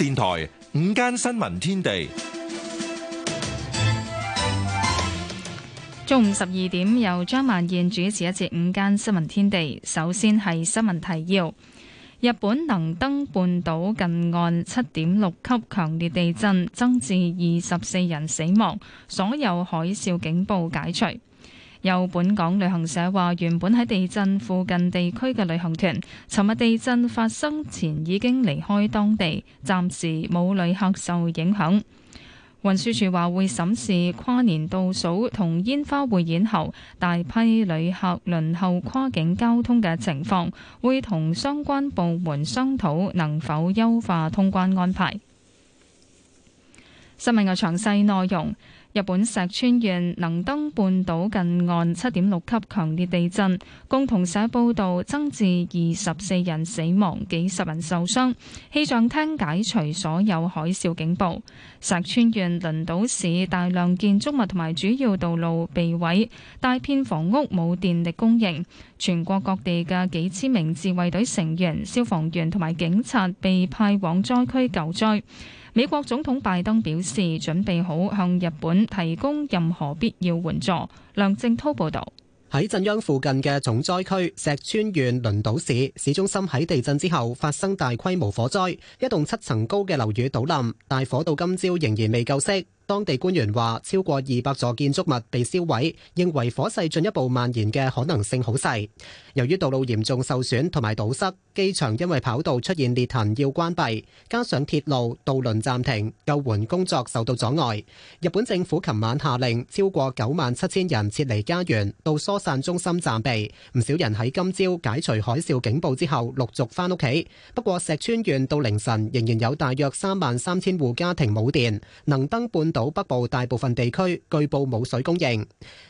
電台午間新聞天地，中午十二點由張曼燕主持一次午間新聞天地。首先係新聞提要：日本能登半島近岸七點六級強烈地震，增至二十四人死亡，所有海嘯警報解除。有本港旅行社話，原本喺地震附近地區嘅旅行團，尋日地震發生前已經離開當地，暫時冇旅客受影響。運輸處話會審視跨年倒數同煙花匯演後大批旅客輪候跨境交通嘅情況，會同相關部門商討能否優化通關安排。新聞嘅詳細內容。日本石川縣能登半島近岸七點六級強烈地震，共同社報道增至二十四人死亡、幾十人受傷。氣象廳解除所有海嘯警報。石川縣輪島市大量建築物同埋主要道路被毀，大片房屋冇電力供應。全國各地嘅幾千名自衛隊成員、消防員同埋警察被派往災區救災。美國總統拜登表示，準備好向日本提供任何必要援助。梁正濤報道：喺震央附近嘅重災區石川縣輪島市，市中心喺地震之後發生大規模火災，一棟七層高嘅樓宇倒冧，大火到今朝仍然未救熄。當地官員話，超過二百座建築物被燒毀，認為火勢進一步蔓延嘅可能性好細。由於道路嚴重受損同埋堵塞，機場因為跑道出現裂痕要關閉，加上鐵路渡輪暫停，救援工作受到阻礙，日本政府琴晚下令超過九萬七千人撤離家園到疏散中心暫避，唔少人喺今朝解除海嘯警報之後陸續翻屋企。不過石川縣到凌晨仍然有大約三萬三千戶家庭冇電，能登半島北部大部分地區據報冇水供應，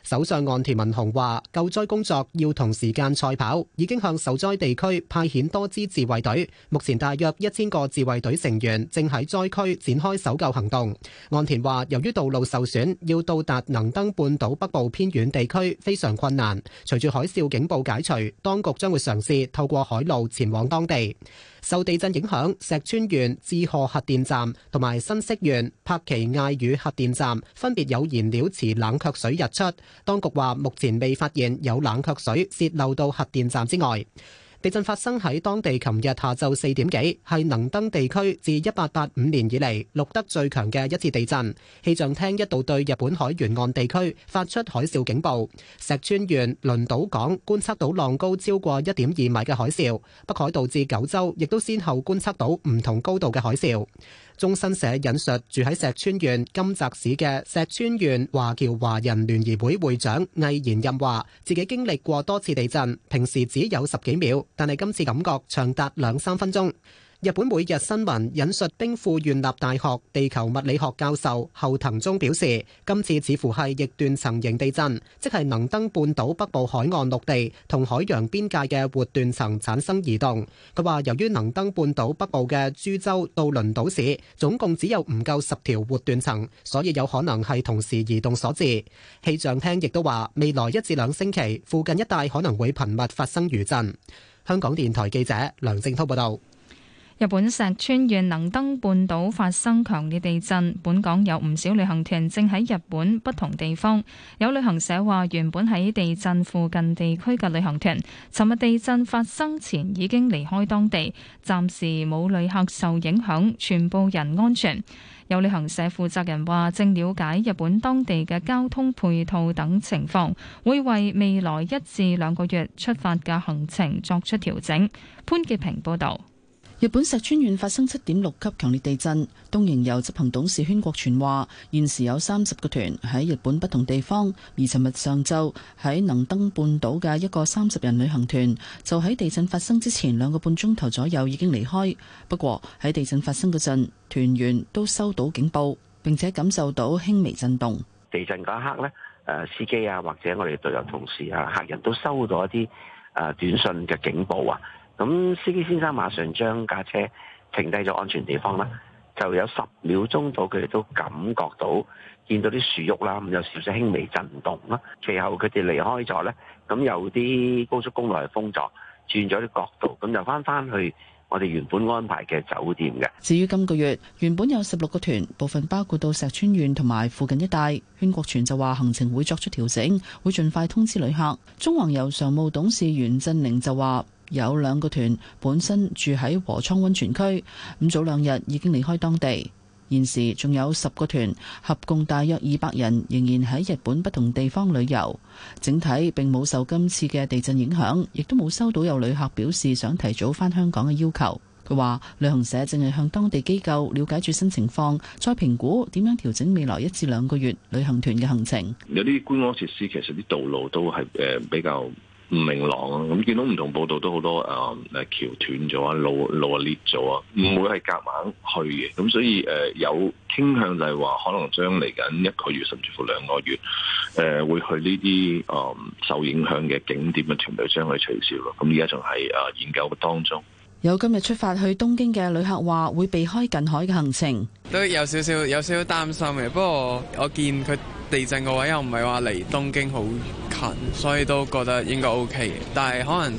首相岸田文雄話，救災工作要同時間賽跑，已經向受災地區派遣。多支自衛隊目前大約一千個自衛隊成員正喺災區展開搜救行動。岸田話，由於道路受損，要到達能登半島北部偏遠地區非常困難。隨住海嘯警報解除，當局將會嘗試透過海路前往當地。受地震影響，石川縣志賀核電站同埋新潟縣柏崎刈羽核電站分別有燃料池冷卻水溢出，當局話目前未發現有冷卻水泄漏到核電站之外。地震發生喺當地琴日下晝四點幾，係能登地區自一八八五年以嚟錄得最強嘅一次地震。氣象廳一度對日本海沿岸地區發出海嘯警報，石川縣輪島港觀測到浪高超過一點二米嘅海嘯，北海道至九州亦都先後觀測到唔同高度嘅海嘯。中新社引述住喺石川縣金澤市嘅石川縣華僑華人聯誼會會長魏賢任話，自己經歷過多次地震，平時只有十幾秒，但係今次感覺長達兩三分鐘。日本每日新聞引述兵庫縣立大學地球物理學教授後藤中表示，今次似乎係逆斷層型地震，即係能登半島北部海岸陸地同海洋邊界嘅活斷層產生移動。佢話，由於能登半島北部嘅珠洲到輪島市總共只有唔夠十條活斷層，所以有可能係同時移動所致。氣象廳亦都話，未來一至兩星期附近一帶可能會頻密發生餘震。香港電台記者梁正滔報道。日本石川縣能登半島發生強烈地震，本港有唔少旅行團正喺日本不同地方。有旅行社話，原本喺地震附近地區嘅旅行團，尋日地震發生前已經離開當地，暫時冇旅客受影響，全部人安全。有旅行社負責人話，正了解日本當地嘅交通配套等情況，會為未來一至兩個月出發嘅行程作出調整。潘潔平報道。日本石川縣發生七點六級強烈地震，東瀛遊執行董事禤國全話，現時有三十個團喺日本不同地方。而尋日上晝喺能登半島嘅一個三十人旅行團就喺地震發生之前兩個半鐘頭左右已經離開。不過喺地震發生嗰陣，團員都收到警報，並且感受到輕微震動。地震嗰一刻呢，誒司機啊或者我哋隊友同事啊客人都收到一啲誒短信嘅警報啊。咁司機先生馬上將架車停低咗安全地方啦，就有十秒鐘到，佢哋都感覺到見到啲樹郁啦，咁有少少輕微震動啦。其後佢哋離開咗呢，咁有啲高速公路係封咗，轉咗啲角度，咁就翻翻去我哋原本安排嘅酒店嘅。至於今個月原本有十六個團，部分包括到石川縣同埋附近一帶，宣國全就話行程會作出調整，會盡快通知旅客。中橫遊常務董事袁振寧就話。有兩個團本身住喺和倉溫泉區，咁早兩日已經離開當地。現時仲有十個團，合共大約二百人仍然喺日本不同地方旅遊。整體並冇受今次嘅地震影響，亦都冇收到有旅客表示想提早返香港嘅要求。佢話旅行社正係向當地機構了解最新情況，再評估點樣調整未來一至兩個月旅行團嘅行程。有啲觀光設施其實啲道路都係誒比較。唔明朗啊！咁見到唔同報道都好多誒誒橋斷咗啊，路路啊裂咗啊，唔會係夾硬去嘅，咁所以誒、呃、有傾向就係話可能將嚟緊一個月甚至乎兩個月誒、呃、會去呢啲誒受影響嘅景點嘅團隊將佢取消咯。咁而家仲係誒研究嘅當中。有今日出發去東京嘅旅客話會避開近海嘅行程，都有少少有少少擔心嘅。不過我見佢地震個位又唔係話離東京好近，所以都覺得應該 OK。但係可能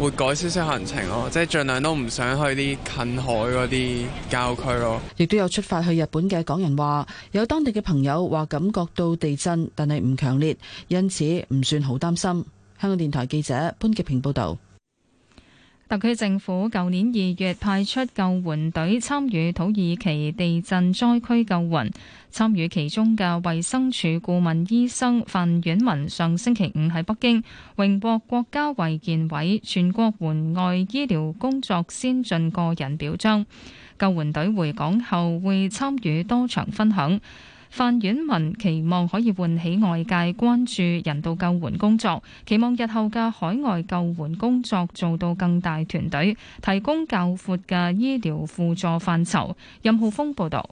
會改少少行程咯，即係盡量都唔想去啲近海嗰啲郊區咯。亦都有出發去日本嘅港人話，有當地嘅朋友話感覺到地震，但係唔強烈，因此唔算好擔心。香港電台記者潘潔平報道。特區政府舊年二月派出救援隊參與土耳其地震災區救援，參與其中嘅衛生署顧問醫生范遠文上星期五喺北京榮獲國,國家衞健委全國援外醫療工作先進個人表彰。救援隊回港後會參與多場分享。范院文期望可以喚起外界關注人道救援工作，期望日後嘅海外救援工作做到更大團隊，提供較闊嘅醫療輔助範疇。任浩峰報道。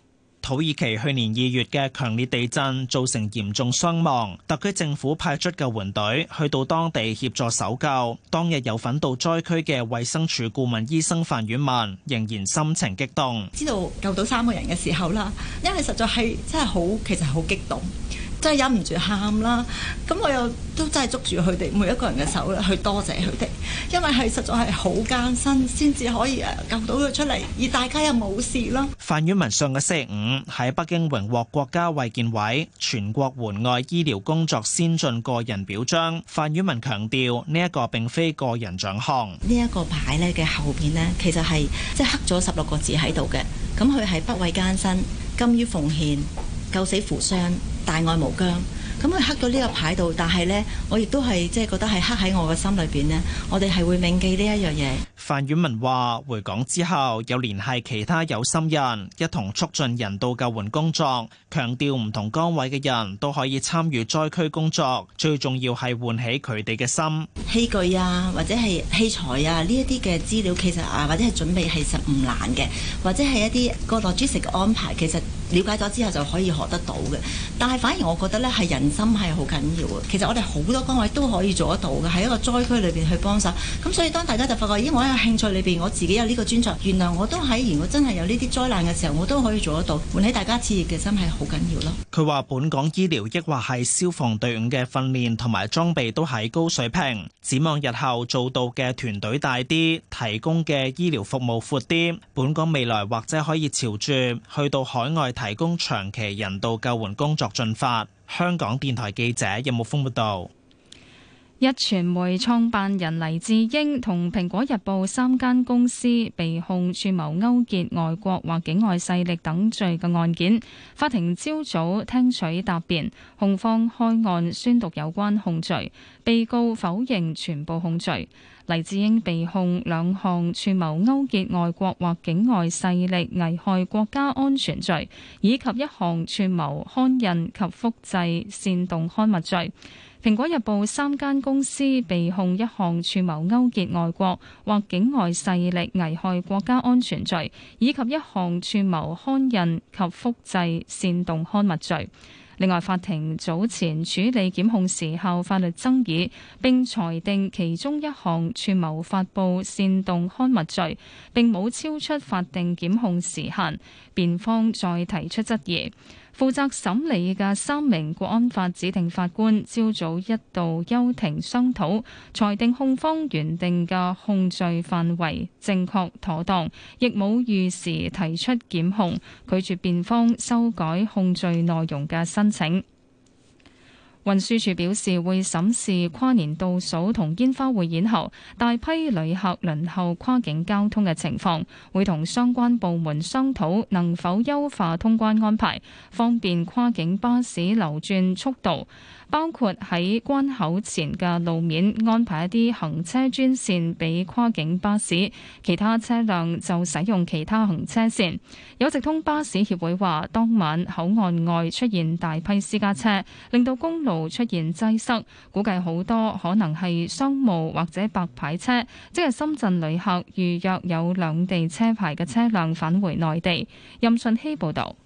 土耳其去年二月嘅強烈地震造成嚴重傷亡，特區政府派出救援隊去到當地協助搜救。當日有份到災區嘅衛生署顧問醫生范婉文，仍然心情激動，知道救到三個人嘅時候啦，因為實在係真係好，其實好激動。真係忍唔住喊啦！咁我又都真係捉住佢哋每一個人嘅手去多謝佢哋，因為係實在係好艱辛先至可以誒救到佢出嚟，而大家又冇事咯。范宇文上個星期五喺北京榮獲國家衛健委全國援外醫療工作先進個人表彰。范宇文強調呢一個並非個人獎項，呢一個牌咧嘅後邊呢，其實係即係刻咗十六個字喺度嘅，咁佢係不畏艱辛，甘於奉獻。救死扶傷，大愛無疆。咁佢刻到呢個牌度，但係呢，我亦都係即係覺得係刻喺我嘅心裏邊呢。我哋係會銘記呢一樣嘢。范婉文話：回港之後，有聯繫其他有心人，一同促進人道救援工作。強調唔同崗位嘅人都可以參與災區工作，最重要係喚起佢哋嘅心。器具啊，或者係器材啊，呢一啲嘅資料其實啊，或者係準備其實唔難嘅，或者係一啲個落豬食嘅安排，其實。了解咗之後就可以學得到嘅，但係反而我覺得咧係人心係好緊要嘅。其實我哋好多崗位都可以做得到嘅，喺一個災區裏邊去幫手。咁所以當大家就發覺，咦、哎！我喺興趣裏邊，我自己有呢個專長，原來我都喺如果真係有呢啲災難嘅時候，我都可以做得到。喚起大家熾熱嘅心係好緊要咯。佢話：本港醫療，抑或係消防隊伍嘅訓練同埋裝備都係高水平，展望日後做到嘅團隊大啲，提供嘅醫療服務闊啲。本港未來或者可以朝住去到海外。提供長期人道救援工作進發。香港電台記者任木峰報道：有有壹傳媒創辦人黎智英同《蘋果日報》三間公司被控串謀勾結外國或境外勢力等罪嘅案件，法庭朝早聽取答辯，控方開案宣讀有關控罪，被告否認全部控罪。黎智英被控兩項串謀勾結外國或境外勢力危害國家安全罪，以及一項串謀刊印及複製煽動刊物罪。《蘋果日報》三間公司被控一項串謀勾結外國或境外勢力危害國家安全罪，以及一項串謀刊印及複製煽動刊物罪。另外，法庭早前處理檢控時效法律爭議，並裁定其中一項串謀發布煽動刊物罪，並冇超出法定檢控時限，辯方再提出質疑。負責審理嘅三名《國安法》指定法官，朝早一度休庭商討，裁定控方原定嘅控罪範圍正確妥當，亦冇逾時提出檢控，拒絕辯方修改控罪內容嘅申請。運輸署表示，會審視跨年倒數同煙花匯演後大批旅客輪候跨境交通嘅情況，會同相關部門商討能否優化通關安排，方便跨境巴士流轉速度。包括喺關口前嘅路面安排一啲行車專線俾跨境巴士，其他車輛就使用其他行車線。有直通巴士協會話，當晚口岸外出現大批私家車，令到公路出現擠塞，估計好多可能係商務或者白牌車，即係深圳旅客預約有兩地車牌嘅車輛返回內地。任信希報導。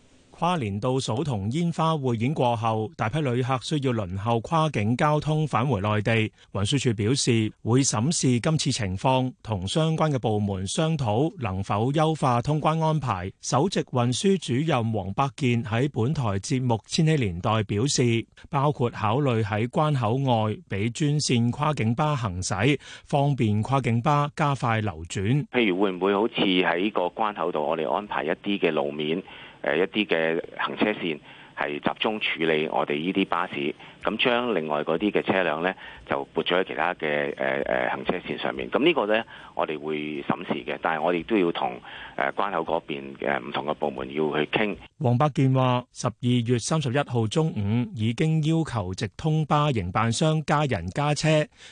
跨年倒數同煙花匯演過後，大批旅客需要輪候跨境交通返回內地。運輸署表示會審視今次情況，同相關嘅部門商討能否優化通關安排。首席運輸主任黃百健喺本台節目《千禧年代》表示，包括考慮喺關口外俾專線跨境巴行駛，方便跨境巴加快流轉，譬如會唔會好似喺個關口度，我哋安排一啲嘅路面，誒一啲嘅行車線係集中處理我哋呢啲巴士，咁將另外嗰啲嘅車輛呢就撥咗喺其他嘅誒誒行車線上面。咁呢個呢，我哋會審視嘅，但係我哋都要同誒關口嗰邊嘅唔同嘅部門要去傾。黃伯健話：十二月三十一號中午已經要求直通巴營辦商加人加車，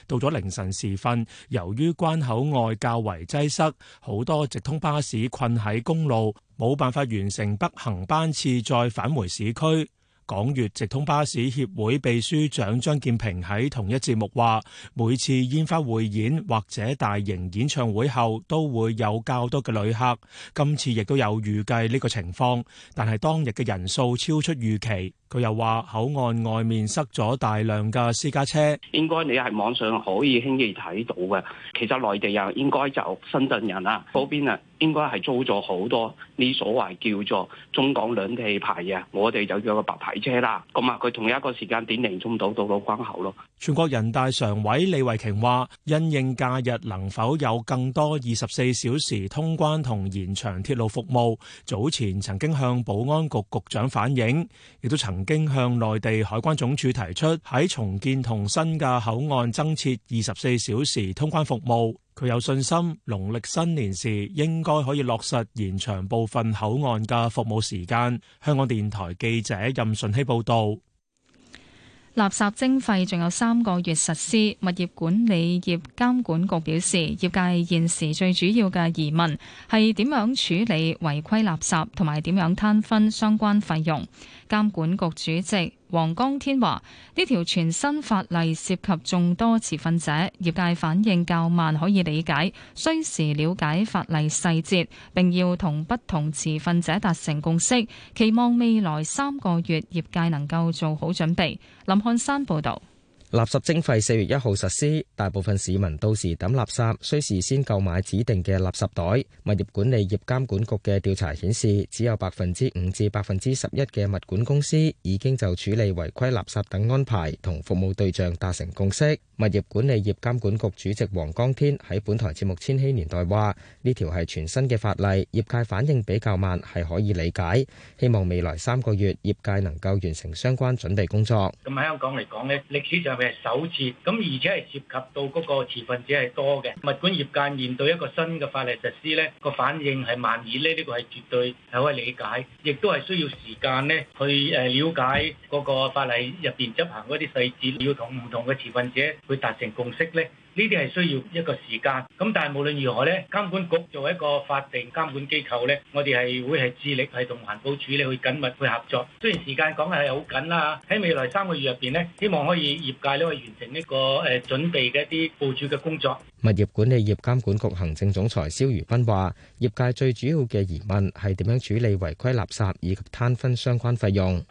到咗凌晨時分，由於關口外較為擠塞，好多直通巴士困喺公路。冇辦法完成北行班次再返回市區。港粵直通巴士協會秘書長張建平喺同一節目話：每次煙花匯演或者大型演唱會後都會有較多嘅旅客，今次亦都有預計呢個情況，但係當日嘅人數超出預期。佢又話口岸外面塞咗大量嘅私家車，應該你喺網上可以輕易睇到嘅。其實內地人應該就深圳人啊，嗰邊啊，應該係租咗好多呢所謂叫做中港兩地牌嘅，我哋就叫個白牌車啦。咁啊，佢同一個時間點連通到到關口咯。全國人大常委李慧瓊話，因應假日能否有更多二十四小時通關同延長鐵路服務，早前曾經向保安局局長反映，亦都曾，曾經向內地海關總署提出喺重建同新嘅口岸增設二十四小時通關服務，佢有信心農曆新年時應該可以落實延長部分口岸嘅服務時間。香港電台記者任順希報道。垃圾徵費仲有三個月實施，物業管理業監管局表示，業界現時最主要嘅疑問係點樣處理違規垃圾同埋點樣攤分相關費用。監管局主席，黃江天話，呢條全新法例涉及眾多持份者，業界反應較慢可以理解，需時了解法例細節，並要同不同持份者達成共識。期望未來三個月業界能夠做好準備。林漢山報道。垃圾徵費四月一號實施，大部分市民到時抌垃圾需事先購買指定嘅垃圾袋。物業管理業監管局嘅調查顯示，只有百分之五至百分之十一嘅物管公司已經就處理違規垃圾等安排同服務對象達成共識。物業管理業監管局主席黃江天喺本台節目《千禧年代》話：呢條係全新嘅法例，業界反應比較慢係可以理解，希望未來三個月業界能夠完成相關準備工作。咁喺香港嚟講呢，歷史上～係首次，咁而且係涉及到嗰個持份者係多嘅物管業界面對一個新嘅法例實施咧，個反應係慢熱咧，呢個係絕對係可以理解，亦都係需要時間咧去誒了解嗰個法例入邊執行嗰啲細節，要同唔同嘅持份者去達成共識咧。呢啲係需要一個時間，咁但係無論如何咧，監管局作為一個法定監管機構咧，我哋係會係致力係同環保署咧去緊密配合作。雖然時間講係好緊啦，喺未來三個月入邊咧，希望可以業界都咧完成呢個誒準備嘅一啲部署嘅工作。物業管理業監管局行政總裁蕭如斌話：業界最主要嘅疑問係點樣處理違規垃垃圾以及攤分相關費用。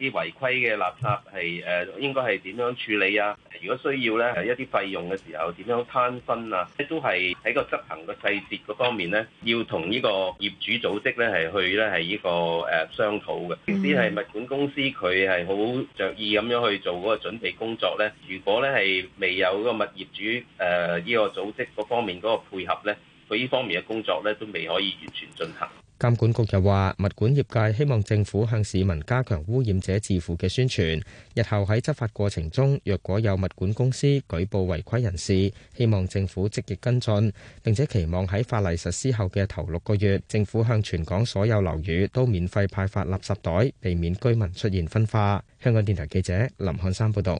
啲違規嘅垃圾係誒應該係點樣處理啊？如果需要咧係、呃、一啲費用嘅時候點樣攤分啊？呢都係喺個執行嘅細節嗰方面咧，要同呢個業主組織咧係去咧係呢個誒、呃、商討嘅。即使係物管公司佢係好着意咁樣去做嗰個準備工作咧，如果咧係未有個物業主誒呢、呃這個組織嗰方面嗰個配合咧，佢呢方面嘅工作咧都未可以完全進行。監管局又話物管業界希望政府向市民加強污染者自負嘅宣傳，日後喺執法過程中，若果有物管公司舉報違規人士，希望政府積極跟進，並且期望喺法例實施後嘅頭六個月，政府向全港所有樓宇都免費派發垃圾袋，避免居民出現分化。香港電台記者林漢山報道。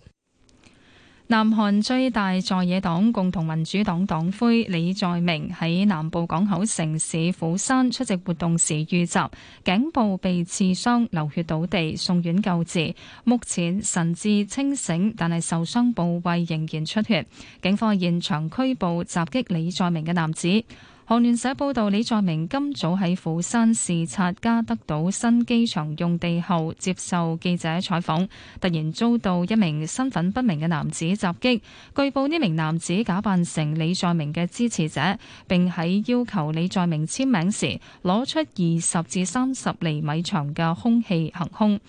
南韓最大在野黨共同民主黨黨魁李在明喺南部港口城市釜山出席活動時遇襲，頸部被刺傷，流血倒地送院救治，目前神志清醒，但係受傷部位仍然出血。警方現場拘捕襲擊李在明嘅男子。《韓聯社》報道，李在明今早喺釜山視察加德島新機場用地後，接受記者採訪，突然遭到一名身份不明嘅男子襲擊。據報呢名男子假扮成李在明嘅支持者，並喺要求李在明簽名時，攞出二十至三十厘米長嘅空氣行兇。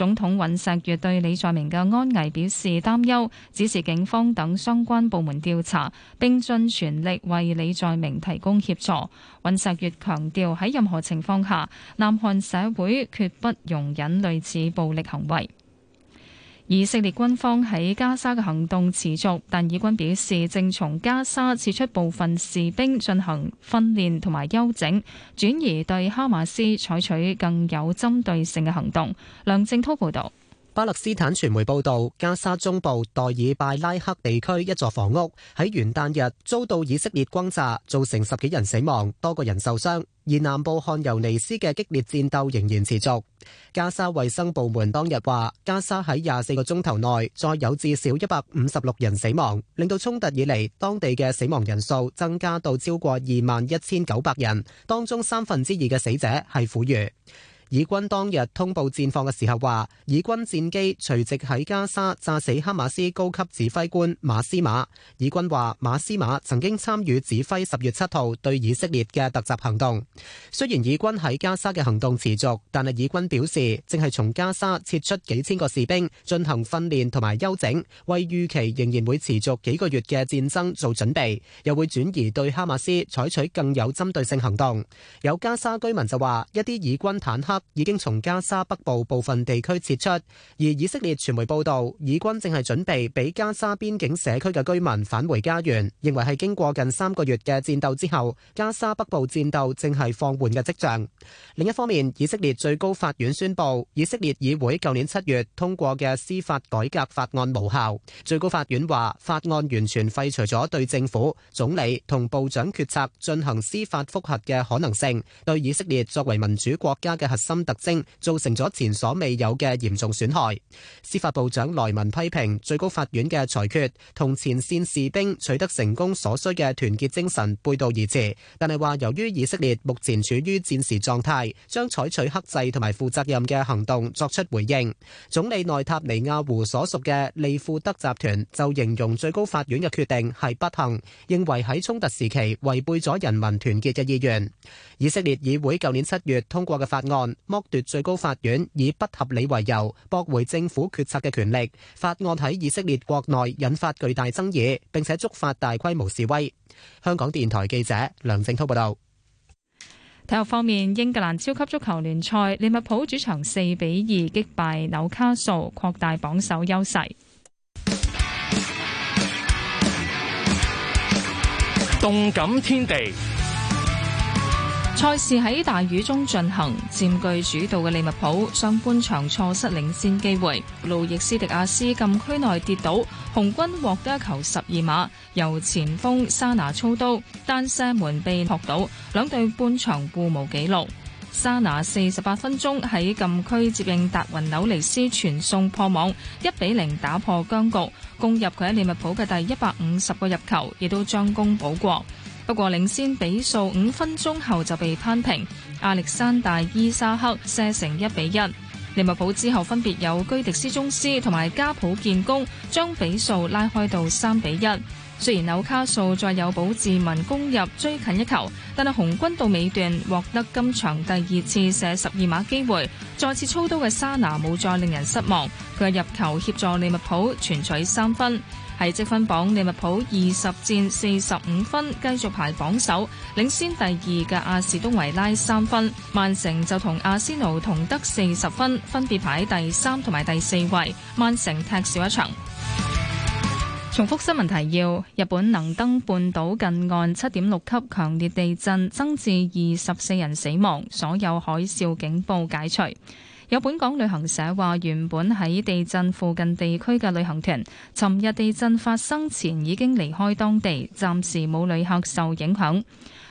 總統尹錫悅對李在明嘅安危表示擔憂，指示警方等相關部門調查，並盡全力為李在明提供協助。尹錫悅強調，喺任何情況下，南韓社會絕不容忍類似暴力行為。以色列軍方喺加沙嘅行動持續，但以軍表示正從加沙撤出部分士兵進行訓練同埋休整，轉而對哈馬斯採取更有針對性嘅行動。梁正滔報導。巴勒斯坦傳媒報道，加沙中部代爾拜拉克地區一座房屋喺元旦日遭到以色列轟炸，造成十幾人死亡，多個人受傷。而南部漢尤尼斯嘅激烈戰鬥仍然持續。加沙衛生部門當日話，加沙喺廿四個鐘頭內再有至少一百五十六人死亡，令到衝突以嚟當地嘅死亡人數增加到超過二萬一千九百人，當中三分之二嘅死者係婦孺。以軍當日通報戰況嘅時候話，以軍戰機隨即喺加沙炸死哈馬斯高級指揮官馬斯馬。以軍話馬斯馬曾經參與指揮十月七號對以色列嘅突襲行動。雖然以軍喺加沙嘅行動持續，但係以軍表示正係從加沙撤出幾千個士兵進行訓練同埋休整，為預期仍然會持續幾個月嘅戰爭做準備，又會轉移對哈馬斯採取更有針對性行動。有加沙居民就話，一啲以軍坦克，已經從加沙北部部分地區撤出，而以色列傳媒報道，以軍正係準備俾加沙邊境社區嘅居民返回家園，認為係經過近三個月嘅戰鬥之後，加沙北部戰鬥正係放緩嘅跡象。另一方面，以色列最高法院宣布，以色列議會舊年七月通過嘅司法改革法案無效。最高法院話，法案完全廢除咗對政府、總理同部長決策進行司法覆核嘅可能性，對以色列作為民主國家嘅核實。新特徵造成咗前所未有嘅嚴重損害。司法部長萊文批評最高法院嘅裁決同前線士兵取得成功所需嘅團結精神背道而馳，但係話由於以色列目前處於戰時狀態，將採取克制同埋負責任嘅行動作出回應。總理內塔尼亞胡所屬嘅利庫德集團就形容最高法院嘅決定係不幸，認為喺衝突時期違背咗人民團結嘅意願。以色列議會舊年七月通過嘅法案。剝奪最高法院以不合理為由駁回政府決策嘅權力，法案喺以色列國內引發巨大爭議，並且觸發大規模示威。香港電台記者梁正濤報道。體育方面，英格蘭超級足球聯賽，利物浦主場四比二擊敗紐卡素，擴大榜首優勢。動感天地。賽事喺大雨中進行，佔據主導嘅利物浦上半場錯失領先機會，路易斯迪亞斯禁區內跌倒，紅軍獲得一球十二碼，由前鋒沙拿操刀，單射門被撲倒，兩隊半場互無紀錄。沙拿四十八分鐘喺禁區接應達雲紐尼斯傳送破網，一比零打破僵局，攻入佢喺利物浦嘅第一百五十個入球，亦都將功補過。不過，領先比數五分鐘後就被扳平。亞歷山大伊沙克射成一比一。利物浦之後分別有居迪斯宗斯同埋加普建功，將比數拉開到三比一。雖然紐卡素再有保志民攻入追近一球，但係紅軍到尾段獲得今場第二次射十二碼機會，再次操刀嘅沙拿冇再令人失望，佢入球協助利物浦全取三分。係積分榜，利物浦二十戰四十五分，繼續排榜首，領先第二嘅阿士東維拉三分。曼城就同阿仙奴同得四十分，分別排第三同埋第四位。曼城踢少一場。重複新聞提要：日本能登半島近岸七點六級強烈地震，增至二十四人死亡，所有海嘯警報解除。有本港旅行社話原本喺地震附近地區嘅旅行團尋日地震發生前已經離開當地，暫時冇旅客受影響。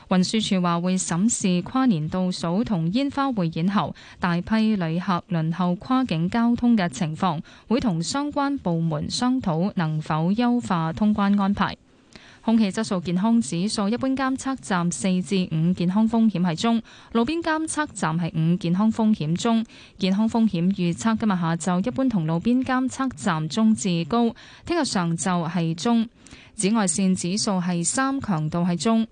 運輸署話會審視跨年倒數同煙花匯演後大批旅客輪候跨境交通嘅情況，會同相關部門商討能否優化通關安排。空氣質素健康指數，一般監測站四至五，健康風險係中；路邊監測站係五，健康風險中。健康風險預測，今日下晝一般同路邊監測站中至高，聽日上晝係中。紫外線指數係三，強度係中。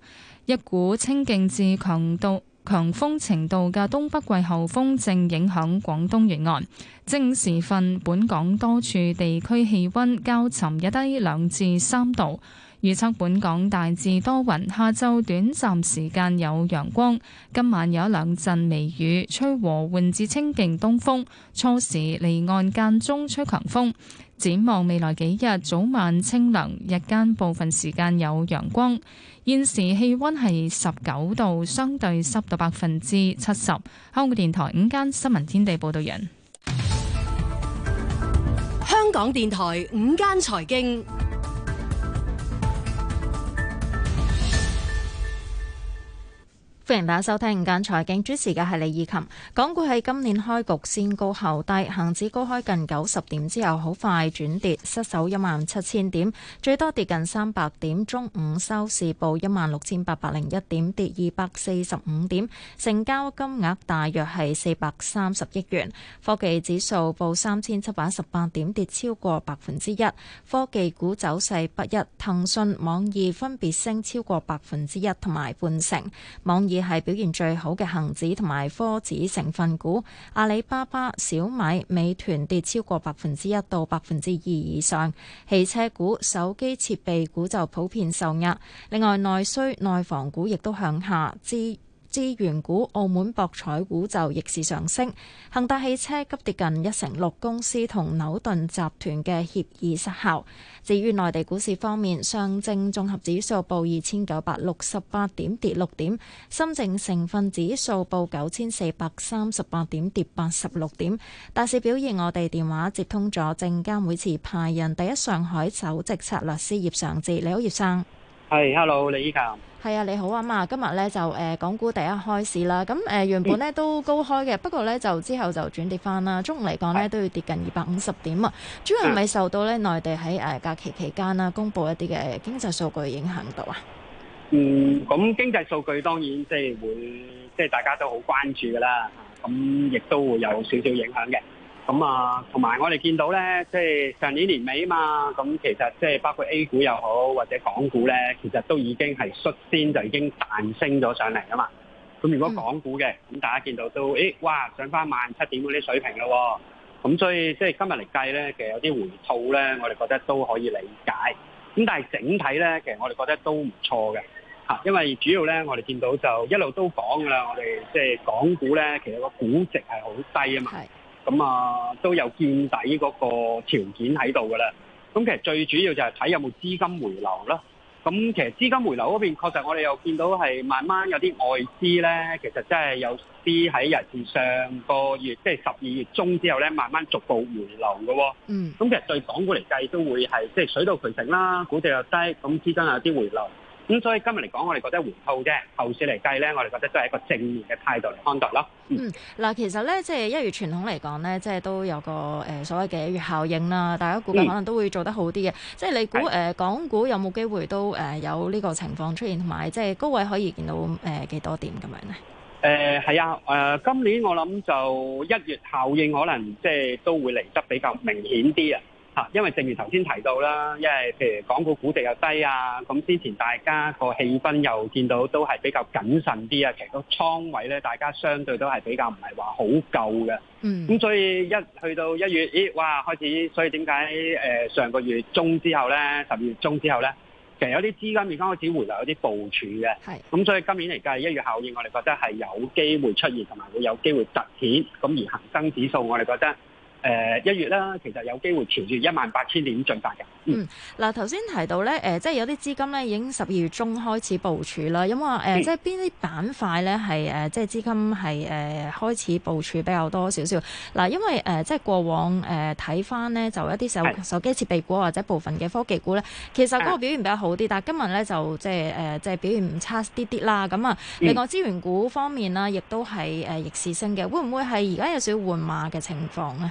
一股清勁至強度強風程度嘅東北季候風正影響廣東沿岸。正午時分，本港多處地區氣溫較尋日低兩至三度。預測本港大致多雲，下晝短暫時間有陽光，今晚有一兩陣微雨，吹和緩至清勁東風，初時離岸間中吹強風。展望未來幾日，早晚清涼，日間部分時間有陽光。現時氣溫係十九度，相對濕度百分之七十。香港電台午間新聞天地報道人。香港電台午間財經。歡迎大家收聽，今日財經主持嘅係李以琴。港股喺今年開局先高後低，恒指高開近九十點之後，好快轉跌，失守一萬七千點，最多跌近三百點。中午收市報一萬六千八百零一點，跌二百四十五點，成交金額大約係四百三十億元。科技指數報三千七百一十八點，跌超過百分之一。科技股走勢不一，騰訊、網易分別升超過百分之一同埋半成，網易。係表現最好嘅恒指同埋科指成分股，阿里巴巴、小米、美團跌超過百分之一到百分之二以上。汽車股、手機設備股就普遍受壓，另外內需內房股亦都向下。之資源股、澳門博彩股就逆市上升，恒大汽車急跌近一成六，公司同紐頓集團嘅協議失效。至於內地股市方面，上證綜合指數報二千九百六十八點，跌六點；深證成分指數報九千四百三十八點，跌八十六點。大市表現，我哋電話接通咗證監會持牌人第一上海首席策略師葉尚志，你好，葉生。係，hey，hello，李依琴。係啊，你好啊嘛，今日咧就誒港股第一開市啦，咁、呃、誒原本咧都高開嘅，不過咧就之後就轉跌翻啦，總共嚟講咧都要跌近二百五十點啊。主要係咪受到咧內地喺誒假期期間啦，公布一啲嘅經濟數據影響到啊？嗯，咁經濟數據當然即係會，即、就、係、是、大家都好關注噶啦，咁亦都會有少少影響嘅。咁啊，同埋我哋見到咧，即係上年年尾啊嘛，咁其實即係包括 A 股又好或者港股咧，其實都已經係率先就已經彈升咗上嚟啊嘛。咁如果港股嘅，咁大家見到都，咦，哇，上返萬七點嗰啲水平咯喎。咁所以即係今日嚟計咧，其實有啲回吐咧，我哋覺得都可以理解。咁但係整體咧，其實我哋覺得都唔錯嘅嚇，因為主要咧我哋見到就一路都講㗎喇，我哋即係港股咧，其實個估值係好低啊嘛。咁啊，嗯、都有見底嗰個條件喺度㗎啦。咁其實最主要就係睇有冇資金回流啦。咁其實資金回流嗰邊，確實我哋又見到係慢慢有啲外資咧，其實真係有啲喺日前上個月，即係十二月中之後咧，慢慢逐步回流嘅喎。嗯。咁其實對港股嚟計，都會係即係水到渠成啦，估值又低，咁資金有啲回流。咁、嗯、所以今日嚟講，我哋覺得回吐啫。後市嚟計咧，我哋覺得都係一個正面嘅態度嚟看待咯。嗯，嗱、嗯，其實咧，即、就、係、是、一月傳統嚟講咧，即、就、係、是、都有個誒、呃、所謂嘅一月效應啦、啊。大家估計可能都會做得好啲嘅。嗯、即係你估誒、呃、港股有冇機會都誒有呢個情況出現，同埋即係高位可以見到誒幾、呃、多點咁樣咧？誒係、呃、啊，誒、呃、今年我諗就一月效應可能即係都會嚟得比較明顯啲啊。嗯。嚇，因為正如頭先提到啦，因為譬如港股估值又低啊，咁之前大家個氣氛又見到都係比較謹慎啲啊，其實個倉位咧，大家相對都係比較唔係話好夠嘅。嗯。咁所以一去到一月，咦哇開始，所以點解誒上個月中之後咧，十二月中之後咧，其實有啲資金而家開始回流，有啲部署嘅。係是。咁所以今年嚟計一月效應，我哋覺得係有機會出現，同埋會有機會突顯。咁而恒生指數，我哋覺得，誒一、呃、月啦，其實有機會朝住一萬八千點進發嘅。嗯，嗱頭先提到咧，誒、呃、即係有啲資金咧已經十二月中開始部署啦，因為誒、呃、即係邊啲板塊咧係誒即係資金係誒、呃、開始部署比較多少少。嗱，因為誒、呃、即係過往誒睇翻咧，就一啲手手機設備股或者部分嘅科技股咧，其實嗰個表現比較好啲，嗯、但係今日咧就、呃、即係誒即係表現唔差啲啲啦。咁啊，另外資源股方面啦，亦都係誒逆市升嘅，會唔會係而家有少少換馬嘅情況咧？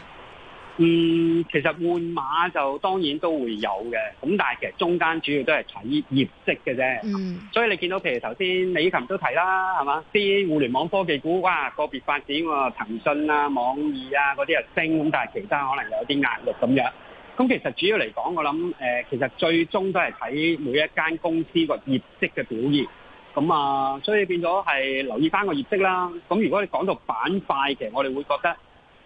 嗯，其實換馬就當然都會有嘅，咁但係其實中間主要都係睇業績嘅啫。嗯，所以你見到譬如頭先李琴都提啦，係嘛？啲互聯網科技股哇，個別發展喎，騰訊啊、網易啊嗰啲就升，咁但係其他可能有啲壓力咁樣。咁其實主要嚟講，我諗誒、呃，其實最終都係睇每一間公司個業績嘅表現。咁啊，所以變咗係留意翻個業績啦。咁如果你講到板塊，其實我哋會覺得。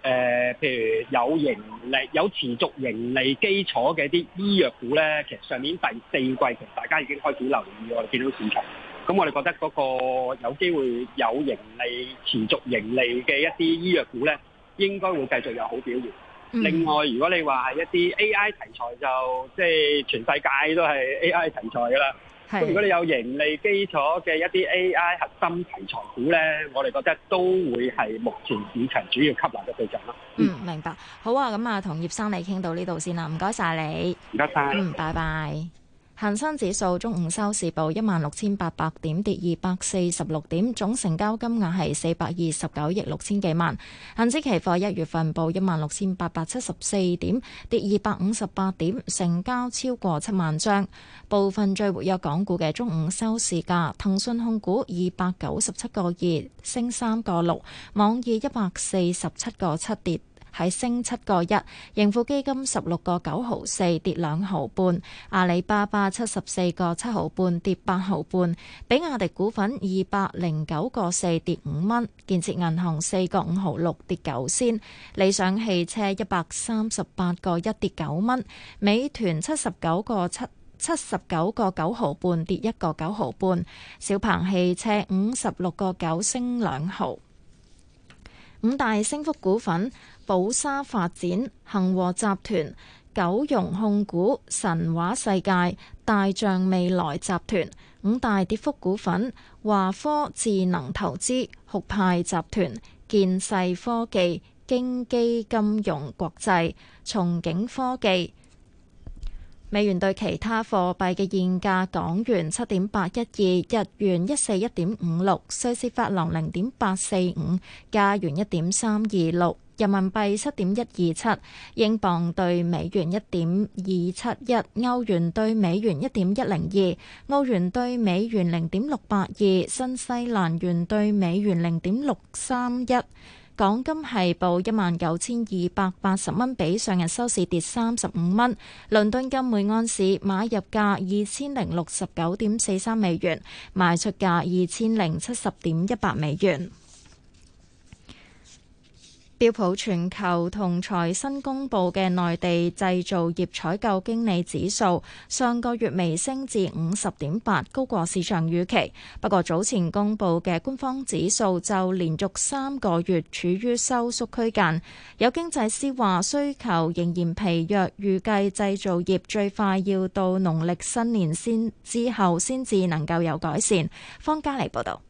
誒、呃，譬如有盈利、有持續盈利基礎嘅啲醫藥股呢，其實上年第四季其實大家已經開始留意，我哋見到市場。咁我哋覺得嗰個有機會有盈利、持續盈利嘅一啲醫藥股呢，應該會繼續有好表現。另外，如果你話係一啲 AI 題材就，就即係全世界都係 AI 題材㗎喇。是如果你有盈利基礎嘅一啲 AI 核心題材股咧，我哋覺得都會係目前市場主要吸納嘅對象咯。嗯，明白。好啊，咁啊，同葉生你傾到呢度先啦，唔該曬你。唔該曬。嗯，拜拜。嗯，拜拜。恒生指數中午收市報一萬六千八百點，跌二百四十六點，總成交金額係四百二十九億六千幾萬。恒指期貨一月份報一萬六千八百七十四點，跌二百五十八點，成交超過七萬張。部分最活躍港股嘅中午收市價：騰訊控股二百九十七個二升三個六，網易一百四十七個七跌。.喺升七個一，盈富基金十六個九毫四跌兩毫半，阿里巴巴七十四個七毫半跌八毫半，比亞迪股份二百零九個四跌五蚊，建設銀行四個五毫六跌九仙，理想汽車一百三十八個一跌九蚊，美團七十九個七七十九個九毫半跌一個九毫半，小鵬汽車五十六個九升兩毫，五大升幅股份。寶沙發展、恒和集團、九融控股、神話世界、大象未來集團五大跌幅股份，華科智能投資、酷派集團、建世科技、京基金融國際、松景科技。美元對其他貨幣嘅現價：港元七點八一二，日元一四一點五六，瑞士法郎零點八四五，加元一點三二六。人民幣七點一二七，英鎊對美元一點二七一，歐元對美元一點一零二，澳元對美元零點六八二，新西蘭元對美元零點六三一。港金係報一萬九千二百八十蚊，比上日收市跌三十五蚊。倫敦金每盎司買入價二千零六十九點四三美元，賣出價二千零七十點一八美元。標普全球同財新公布嘅內地製造業採購經理指數上個月微升至五十點八，高過市場預期。不過早前公布嘅官方指數就連續三個月處於收縮區間。有經濟師話，需求仍然疲弱，預計製造業最快要到農曆新年先之後先至能夠有改善。方嘉莉報道。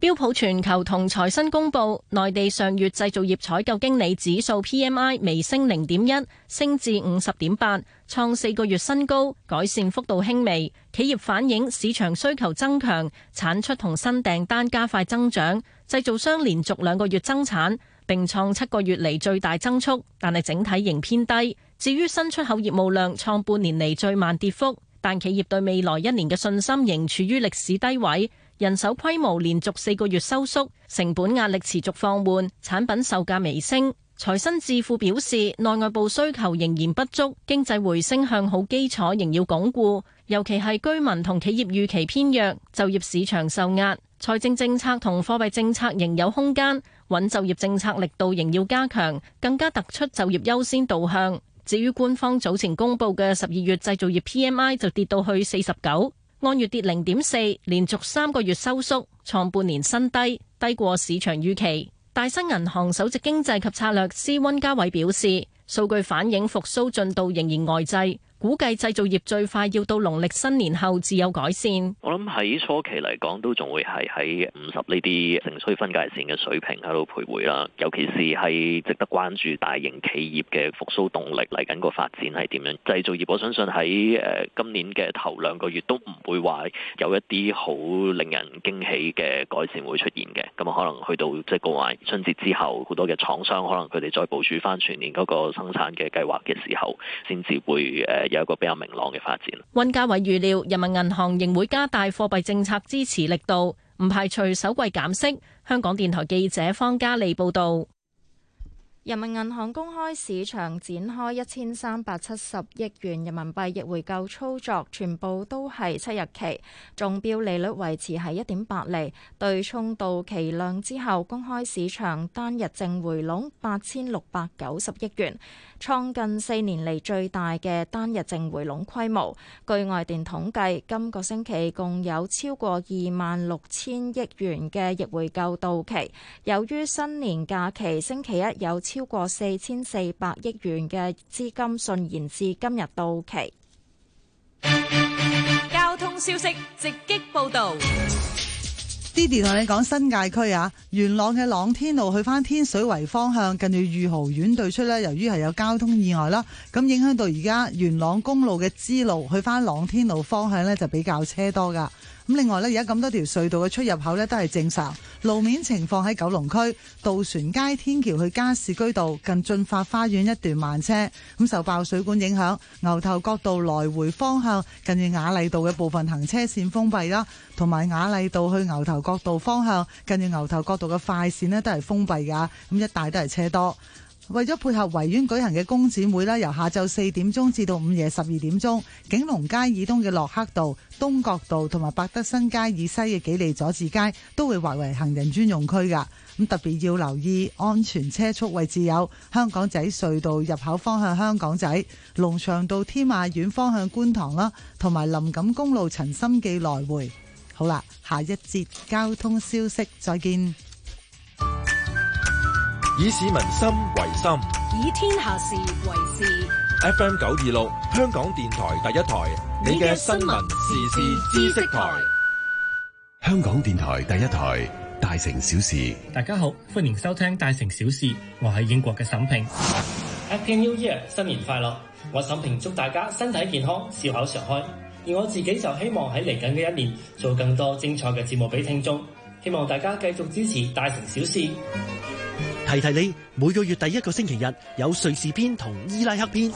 標普全球同財新公布，內地上月製造業採購經理指數 PMI 微升零點一，升至五十點八，創四個月新高，改善幅度輕微。企業反映市場需求增強，產出同新訂單加快增長，製造商連續兩個月增產，並創七個月嚟最大增速，但係整體仍偏低。至於新出口業務量創半年嚟最慢跌幅，但企業對未來一年嘅信心仍處於歷史低位。.人手規模連續四個月收縮，成本壓力持續放緩，產品售價微升。財新智庫表示，內外部需求仍然不足，經濟回升向好基礎仍要鞏固，尤其係居民同企業預期偏弱，就業市場受壓。財政政策同貨幣政策仍有空間，穩就業政策力度仍要加強，更加突出就業優先導向。至於官方早前公布嘅十二月製造業 PMI 就跌到去四十九。按月跌零點四，連續三個月收縮，創半年新低，低過市場預期。大新銀行首席經濟及策略師温家偉表示，數據反映復甦進度仍然呆滯。估計製造業最快要到農曆新年後才有改善。我諗喺初期嚟講，都仲會係喺五十呢啲盛衰分界線嘅水平喺度徘徊啦。尤其是係值得關注大型企業嘅復甦動力嚟緊個發展係點樣？製造業我相信喺誒、呃、今年嘅頭兩個月都唔會話有一啲好令人驚喜嘅改善會出現嘅。咁啊，可能去到即係過埋春節之後，好多嘅廠商可能佢哋再部署翻全年嗰個生產嘅計劃嘅時候，先至會誒。呃有一個比較明朗嘅發展。溫家偉預料，人民銀行仍會加大貨幣政策支持力度，唔排除首季減息。香港電台記者方嘉利報道。人民銀行公開市場展開一千三百七十億元人民幣逆回購操作，全部都係七日期，中標利率維持喺一點八厘，對沖到期量之後，公開市場單日淨回籠八千六百九十億元，創近四年嚟最大嘅單日淨回籠規模。據外電統計，今個星期共有超過二萬六千億元嘅逆回購到期。由於新年假期，星期一有超超過四千四百億元嘅資金順延至今日到期。交通消息，直擊報道。Didi 同你講新界區啊，元朗嘅朗天路去翻天水圍方向，近住御豪苑對出咧，由於係有交通意外啦，咁影響到而家元朗公路嘅支路去翻朗天路方向呢，就比較車多噶。咁另外咧，而家咁多條隧道嘅出入口咧都係正常。路面情況喺九龍區渡船街天橋去加士居道近駿發花園一段慢車。咁受爆水管影響，牛頭角道來回方向近住雅麗道嘅部分行車線封閉啦，同埋雅麗道去牛頭角道方向近住牛頭角道嘅快線咧都係封閉噶。咁一帶都係車多。為咗配合維園舉行嘅工展會啦，由下晝四點鐘至到午夜十二點鐘，景隆街以東嘅洛克道、東角道同埋百德新街以西嘅記利佐治街都會劃為行人專用區㗎。咁特別要留意安全車速位置，有香港仔隧道入口方向香港仔、龍翔道天馬苑方向觀塘啦，同埋林錦公路陳心記來回。好啦，下一節交通消息，再見。以市民心為心，以天下事為事。FM 九二六，香港電台第一台，你嘅新聞、新聞時事、知識台。香港電台第一台《大城小事》，大家好，歡迎收聽《大城小事》，我係英國嘅沈平。Happy New Year，新年快樂！我沈平祝大家身體健康，笑口常開。而我自己就希望喺嚟緊嘅一年做更多精彩嘅節目俾聽眾，希望大家繼續支持《大城小事》。提提你，每個月第一個星期日有瑞士篇同伊拉克篇。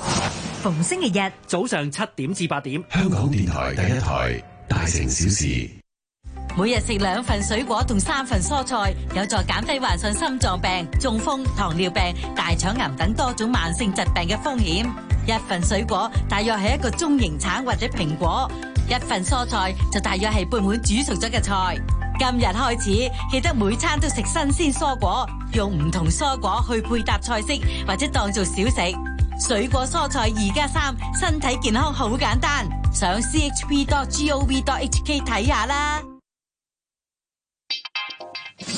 逢星期日早上七點至八點，香港電台第一台《大城小事》。每日食兩份水果同三份蔬菜，有助減低患上心臟病、中風、糖尿病、大腸癌等多種慢性疾病嘅風險。一份水果大約係一個中型橙或者蘋果，一份蔬菜就大約係半碗煮熟咗嘅菜。今日開始記得每餐都食新鮮蔬果，用唔同蔬果去配搭菜式，或者當做小食。水果蔬菜二加三，3，身體健康好簡單。上 chp.gov.hk 睇下啦。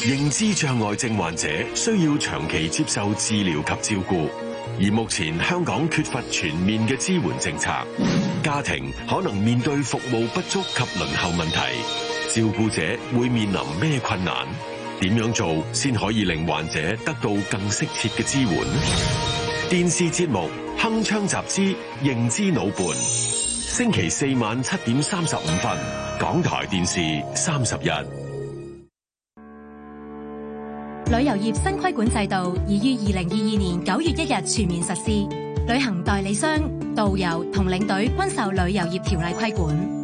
認知障礙症患者需要長期接受治療及照顧，而目前香港缺乏全面嘅支援政策，家庭可能面對服務不足及輪候問題。照顧者會面臨咩困難？點樣做先可以令患者得到更適切嘅支援？電視節目《鏗鏘集資認知老伴》，星期四晚七點三十五分，港台電視三十日。旅遊業新規管制度已於二零二二年九月一日全面實施，旅行代理商、導遊同領隊均受旅遊業條例規管